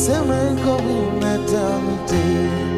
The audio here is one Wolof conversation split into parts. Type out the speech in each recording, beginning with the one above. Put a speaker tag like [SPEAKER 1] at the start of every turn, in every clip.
[SPEAKER 1] Sema ngovu metamite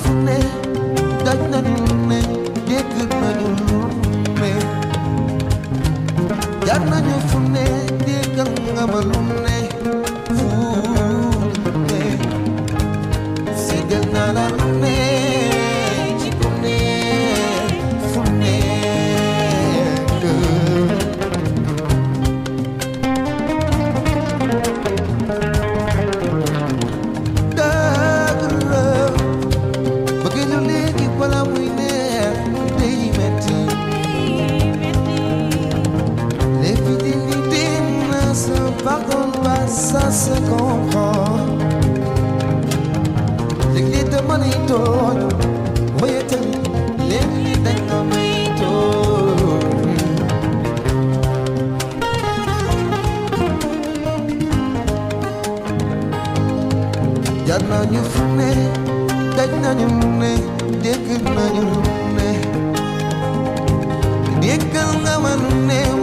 [SPEAKER 1] from there. par contre pas, ça se comprend. léeg-léeg dama lay tooñ waaye tamit léeg-léeg dañ ma may tooñ. jaar nañu fu ne daj nañu ne dégg nañu ne déggal nga ma ne.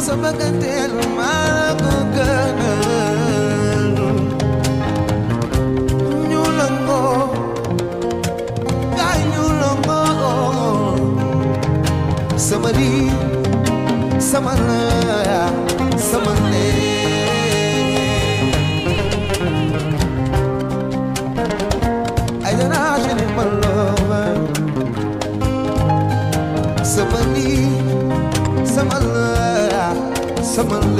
[SPEAKER 1] sa bëgganteel maa ko gënal ñu lëngoo gaay ñu lëngoo sama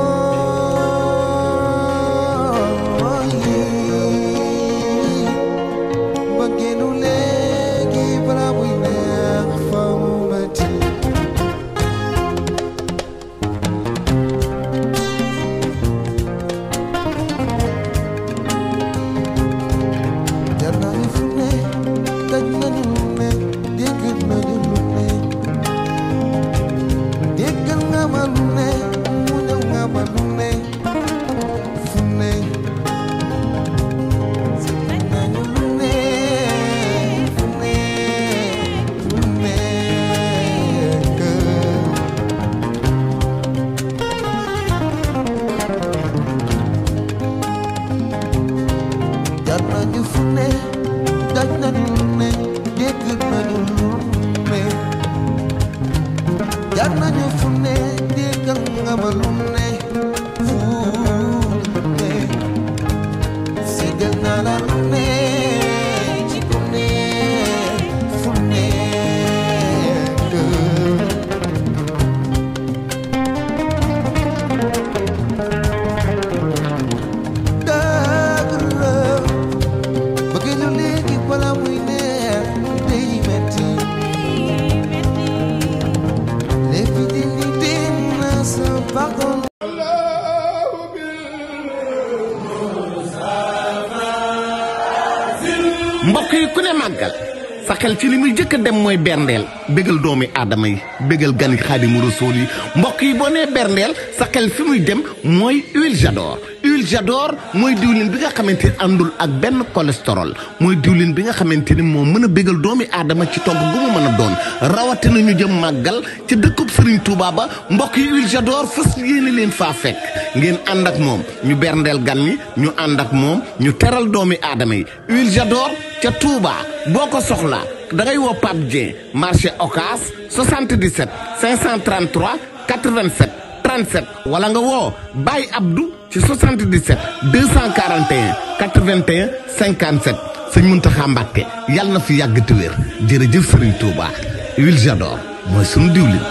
[SPEAKER 2] mbokk yi ku ne màggal sa xel ci li muy jëkk a dem mooy berndeel bégal doomi aadama yi bégal gani xaadimu rasool yi mbokk yi boo nee berndeel sa xel fi muy dem mooy huile j'adore mooy diwlin bi nga xamante ni àndul ak benn cholestérol mooy diwlin bi nga xamante ni moo mën a bégal doomi aadama ci togg gu mu mën a doon rawatina ñu jëm màggal ci dëkkub Serigne Touba ba mbokk yi huile j'adore fas leen faa fekk ngeen ànd ak moom ñu berndeel gan ñi ñu ànd ak moom ñu teral doomi aadama yi huile ca Touba boo ko soxlaa dangay ngay woo Pape Dieng marché Ocass 77 533 87 37 wala nga woo Baye Abdou ci 77 241 81 57 sëñ Muntaxa Mbàkke yàlla na fi yàgg te wér jërëjëf Serigne Touba huile j'adore mooy sunu diwlin.